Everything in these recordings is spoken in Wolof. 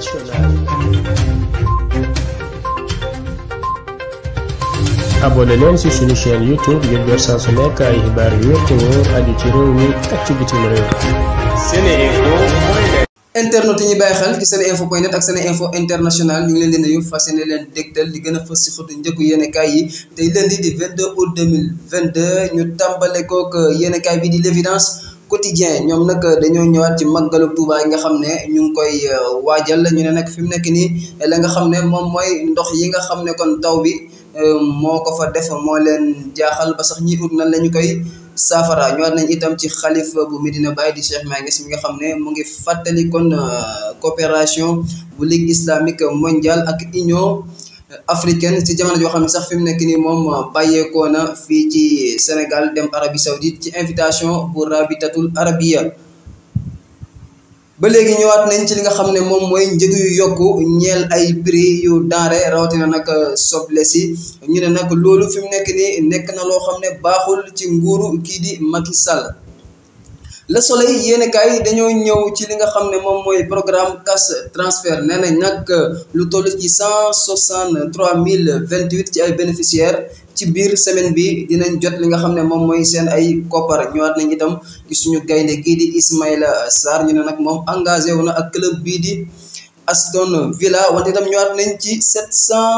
internationale. abonné leen ci suñu chaîne youtube ngir jot saa su nekk ay xibaar yu ci réew mi ak ci bitim réew. internet yi ñu bàyyi xel ci seen info point ak seen info international ñu ngi leen di nuyu fas yéene leen dégtal li gën a fës ci xëtu njëkku yéenekaay yi tey lundi di 22 août 2022 ñu tàmbale kook yéenekaay bi di l'évidence quotidien ñoom nag eh, dañoo ñëwaat ci màggalu Tuubaa yi nga xam ne ñu ngi koy eh, waajal ñu ne nag fi mu nekk nii eh, la nga xam ne moom mooy ndox yi nga xam ne kon taw bi moo ko fa def moo leen jaaxal ba sax ñi ut na lañu ñu koy saafara ñëwaat nañ itam ci xalif bu Medina Baye di Cheikh Maguette mi nga xam ne mu ngi fàttali kon coopération bu Ligue islamique mondiale ak union. africaine ci jamono joo xam ne sax fi mu nekk nii moom bàyyeekoo na fii ci Sénégal dem Arabie Saoudite ci invitation pour Rabitatul Arabia ba léegi ñëwaat nañ ci li nga xam ne moom mooy njëg yu yokku ñeel ay prix yu denrée rawatina nag euh, soble si ñu ne nag loolu fi mu nekk nii nekk na loo xam ne baaxul ci nguuru kii di Macky Sall. le soleil yéenekaay yi dañoo ñëw ci li nga xam ne moom mooy programme cash transfert nee nañ nag lu toll ci cent soixante trois mille vingt huit ci ay bénéficiaires ci biir semaine bi dinañ jot li nga xam ne moom mooy seen ay koppar ñëwaat nañ itam ci suñu gaynde kii di Ismaïla Sarr ñu ne nag moom engagé wu na ak club bii di. Aston Villa wante itam ñëwaat nañ ci sept cent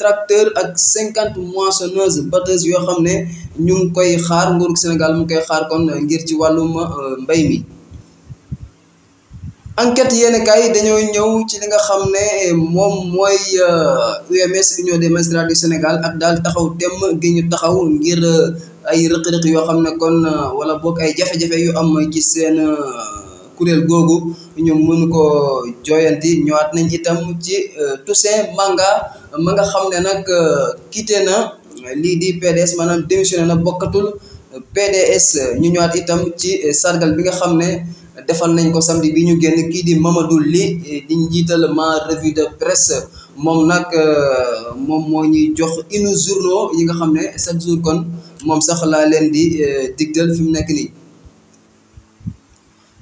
tracteurs ak cinquante moissonneuses batteuses yoo xam ne ñu ngi koy xaar nguurug Sénégal mu ngi koy xaar kon ngir ci wàllum euh, mbay mi enquête yéen kay dañoo ñëw ci li nga xam ne euh, moom mooy UMS euh, Union des magistrats du Sénégal ak daal taxaw temm gi ñu taxaw ngir ay rëq-rëq yoo xam ne kon wala boog ay jafe-jafe yu am gis seen kuréel googu ñu mën ko jooyanti ñëwaat nañ itam ci Toussaint Manga ma nga xam ne nag kiite na lii di PDS maanaam démissionné na bokkatul PDS ñu ñëwaat itam ci eh, sargal bi nga xam ne defal nañ ko samedi bi ñu génn kii di Mamadou lii eh, di njiital ma revue de presse moom nag eh, moom moo ñuy jox une journaux yi nga xam ne chaque jour kon moom sax laa leen di digtal fi mu nekk nii.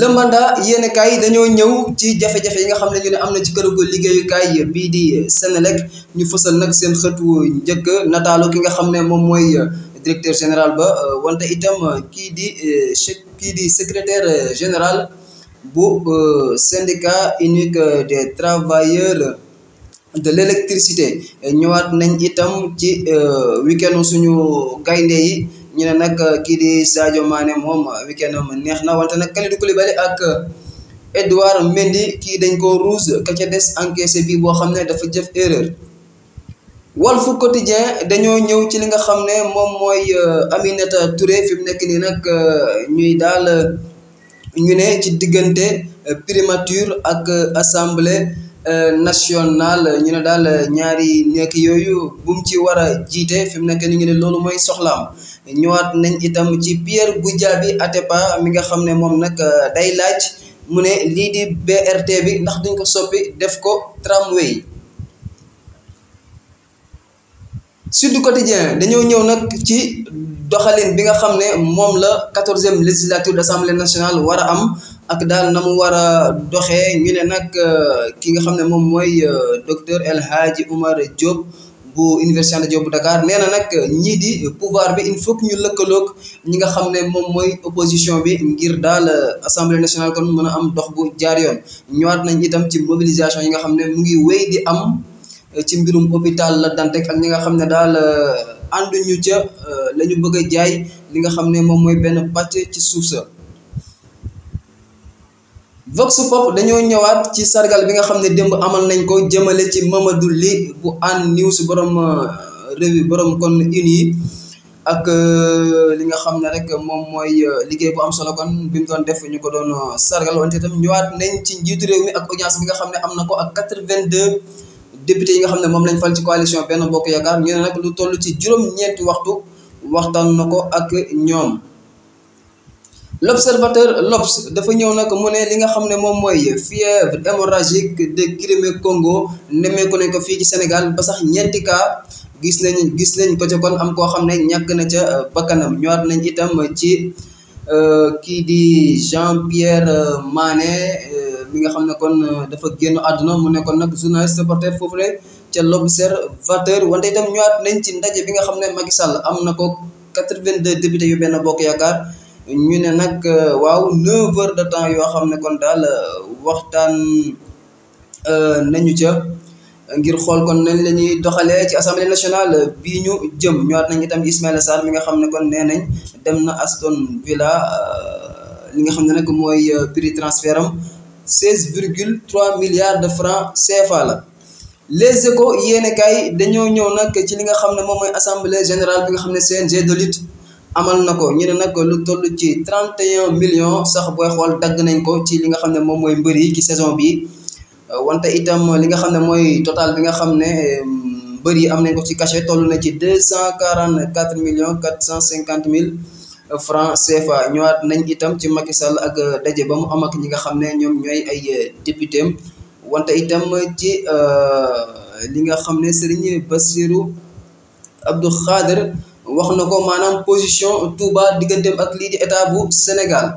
le mandat yéen kaay dañoo ñëw ci jafe-jafe yi nga xam ne ñu ne am na ci këru liggéeyukaay bii di Senelec ñu fësal nag seen xëtu njëkk nataalu ki nga xam ne moom mooy directeur général ba euh, wante itam euh, kii di euh, kii di secrétaire général bu syndicat unique des travailleurs de l'électricité ñëwaat nañ itam ci week-end suñu gaynde yi ñu ne nag euh, kii di Sadio Mané moom euh, weekend am neex na wante nag Kalidou Koulibaly ak euh, Edouard Mendy kii dañ ko rouge ka ca des encaissé bii boo xam ne dafa jëf erreur Walf Quotidien dañoo ñëw ci li nga xam ne moom mooy Aminata Touré fi mu nekk nii nag ñuy daal ñu ne ci diggante primature ak assemblée Euh, national ñu ne daal euh, ñaari nekk yooyu bu ci war a jiite fi mu nekk ni ñu ne loolu mooy soxlaam ñëwaat nañ itam ci Pierre Goudiaby Atepa mi nga xam ne moom nag euh, day laaj mu ne lii di BRT bi ndax duñ ko soppi def ko tramway Sud Quotidien dañoo ñëw nag ci doxalin bi nga xam ne moom la quatorzième législature d' assemblée nationale war a am ak daal na mu war a doxee ñu ne nag euh, ki nga xam ne moom mooy euh, docteur El Hadji Oumar Diop bu université Anta Diop bu Dakar nee na nag euh, ñii di pouvoir bi il faut que ñu lëkkaloog ñi nga xam ne moom mooy opposition bi ngir daal assemblée nationale kon mën a am dox bu jaar yoon ñëwaat nañ itam ci mobilisation yi nga xam ne mu ngi wéy di am ci mbirum hôpital la Dantec ak ñi nga xam ne daal. andu ñu ca euh, lañu bëgg jaay li nga xamne mom moy ben benn ci suuf vox pop dañoo ñëwaat ci sargal bi nga xamne demb amal nañ ko jëmele ci mamadou li bu an news borom euh, rew borom kon uni ak euh, li nga xamne rek mom moy liggey bu am solo kon bimu doon def ñuko doon sargal wante tam ñëwaat nañ ci njitu rew mi ak audience bi nga xamne amna ko ak 82 député yi nga xam mom lañ fal ci coalition benn bokk yaakaar ñu ne nag lu tollu ci juroom ñeenti waxtu waxtan nako ko ak ñoom l'observateur l'obs dafa ñew nak mu ne li nga xam mom moy fièvre hémorragique de Crimée Congo ko ne ko fi ci Sénégal ba sax ñeenti cas gis nañ gis nañ ko ci kon am ko xam ñak na ca bakanam ñoat nañ itam ci euh, ki di Jean Pierre Mané euh, bi nga xam ne kon euh, dafa génn àdduna mu nekkoon nag journaliste reporter foofu le ca l'observateur wante itam ñëwaat nañ ci ndaje bi nga xam ne Macky Sall am na ko 82 députés yu benn bokk yaakaar ñu ne nag euh, waaw 9 heures de temps yoo xam ne kon daal euh, waxtaan nañu ca ngir xool kon nañ la ñuy doxalee ci assemblée nationale bii ñu jëm ñëwaat nañ itam Ismaïla Sarr mi nga xam ne kon nee nañ dem na Aston Villa li nga xam ne nag mooy prix transfert seize virgule trois milliards de francs CFA la. Les Échos yéenekaay dañoo ñëw nag ci li nga xam ne moom mooy assemblée générale bi nga xam ne CNG de lutte amal na ko ñu ne nag lu toll ci trente et million millions sax booy xool dagg nañ ko ci li nga xam ne moom mooy mbëri yi ci saison bi wante itam li nga xam ne mooy total bi nga xam ne euh, mbër yi am nañ ko ci cachet toll na ci deux cent quarante quatre million quatre cent cinquante mille. franc CFA ñëwaat nañ itam ci Macky Sall ak euh, daje ba mu am ñi nga xam ne ñoom ñooy ay euh, député wante itam ci euh, li nga xam ne Serigne Bassirou Abdou Khader wax na ko maanaam position Touba digganteem ak lii di état bu Sénégal.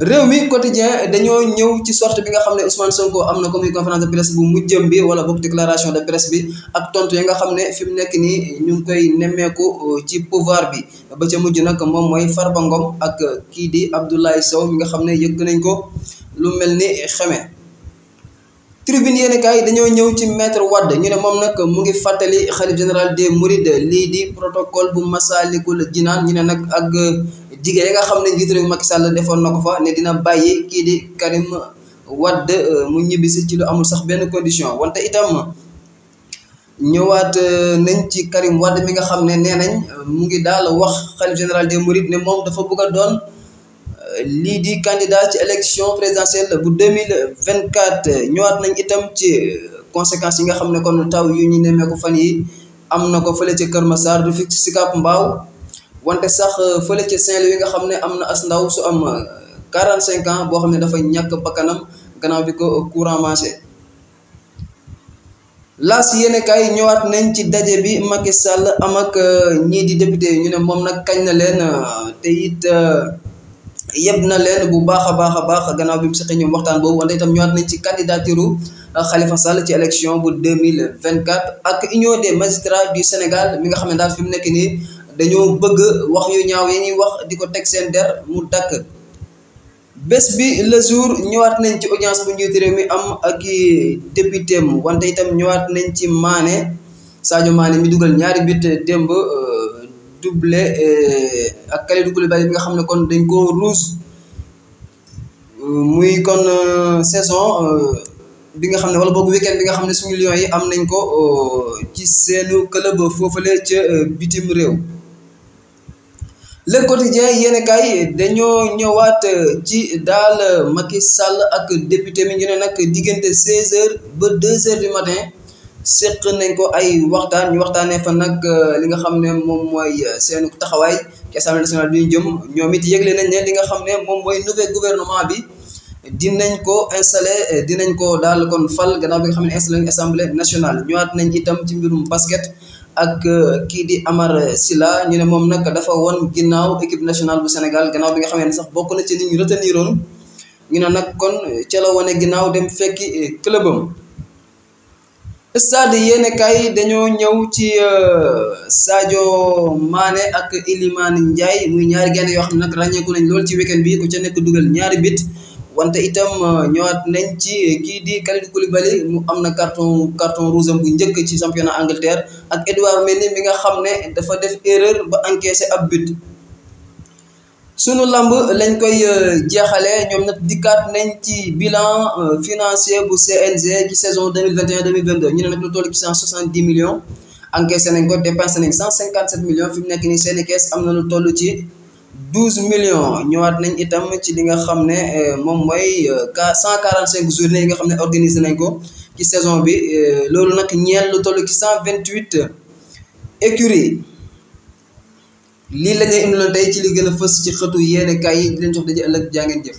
réew mi quotidien dañoo ñëw ci sorte bi nga xam ne Ousmane Sonko am na ko muy conférence de presse bu mujjëm bi wala boog déclaration de presse bi ak tontu yi nga xam ne fi mu nekk nii ñu ngi koy nemmeeku euh, ci pouvoir bi ba ca mujj nag moom mooy Farba ak euh, kii di Abdoulaye Sow mi nga xam ne yëg nañ ko lu mel ni xeme tribune yéen kaay dañoo ñëw ci maître Wade ñu ne moom nag mu ngi fàttali xalif général des muride lii di protocole bu Massalikul Jinaan ñu ne nag ak euh, jigéen nga xam ne njiitu réew Macky Sall defoon na ko fa ne dina bàyyi kii di Karim Wade eh, mu ñibbisi ci lu amul sax benn condition wante itam ñëwaat eh, nañ ci Karim Wade mi nga xam ne nee eh, nañ mu ngi daal wax xalif général des Mourides ne moom dafa bëgg a doon lii di candidat ci élection présidentielle bu 2024 ñëwaat nañ itam ci conséquences yi nga xam ne kon taw yu ñu nemmeeku fan yi am na ko fële ci Kër Massar du fi ci Cap Mbaw wante sax euh, fële ca Saint-Louis nga xam ne am na as ndaw su am 45 euh, ans boo xam ne dafa ñàkk bakkanam gannaaw bi ko euh, courant marché laas yéene kaay ñëwaat nañ ci daje bi Macky sàll am ak ñii di député ñu ne moom nag kañ na leen te it yëpp na leen bu baax a baax a baax gannaaw bi mu seqee ñoom waxtaan boobu wante itam ñëwaat nañ ci candidature Khalifa Sall ci élection bu 2024 ak union des magistrats bi Sénégal mi nga xam ne daal fi mu nekk nii. dañoo bëgg wax yu ñaaw yi ñuy wax di ko teg seen der mu dakk bés bi le jour ñëwaat nañ ci audience bu njiitu réew mi am ak i député mu wante itam ñëwaat nañ ci Mané Sadio Mané mi dugal ñaari bit démb euh, doublé euh, ak Kalidou Koulibaly bi nga xam ne kon dañ ko ruus muy kon euh, saison bi nga xam ne wala boog weekend bi nga xam ne suñu Lions yi am nañ ko ci seenu club foofale ca bitim réew le quotidien yéen a dañoo ñëwaat euh, ci daal euh, makki Sall ak député mi ne nag diggante 16h ba 2h du matin seq nañ ko ay waxtaan ñu waxtaanee fa nag euh, li nga xam ne moom mooy seen taxawaay ci assemblée nationale bi jëm ñoom it yëgle nañ ne li nga xam ne moom mooy nouveau gouvernement bi di nañ ko installé dinañ ko daal kon fal gannaaw bi nga xam ne installé nañ assemblée nationale ñëwaat nañ itam ci mbirum basket. ak euh, kii di Amar silaa ñu ne moom nag dafa won ginnaaw équipe nationale bu Sénégal gannaaw bi nga xamee ne sax bokk na ci nit ñu retenir woon ñu ne nag kon ca la wane ginnaaw dem fekki euh, clubam. stade yéen kay dañoo ñëw ci euh, Sadio Mané ak Iliman Ndiaye muy ñaari gaynde yoo xam ne nag ràññeeku nañ lool ci weekend bi ku ca nekk dugal ñaari bit. wante itam euh, ñëwaat nañ ci kii di Kalidou Koulibaly mu am na carton carton rouge am bu njëkk ci championnat Angleterre ak Edouard Mendy mi nga xam ne dafa def erreur ba encaissé ab but. sunu lamb lañ koy euh, jeexalee ñoom nag dikkaat nañ ci bilan euh, financier bu CNG ci saison deux mille vingt et un deux mille vingt deux ñu ne nag lu toll ci cent soixante dix millions encaissé nañ nekk nii seen i kees am na lu toll ci. douze millions ñëwaat nañ itam ci li nga xam ne euh, moom mooy euh, cent quarante cinq journées yi nga xam ne organiser nañ ko ci saison bi euh, loolu nag ñeen lu toll ci cent vingt huit écuries lii la ñuy na tey ci li gën a fës ci xëtu yéene kaay yi di leen jox daje ëllëg jaa ngeen jëf.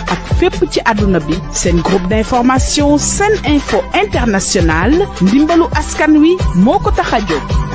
ak Feputi ci aduna bi groupe d'information Sen info international ndimbalu askan wi Radio.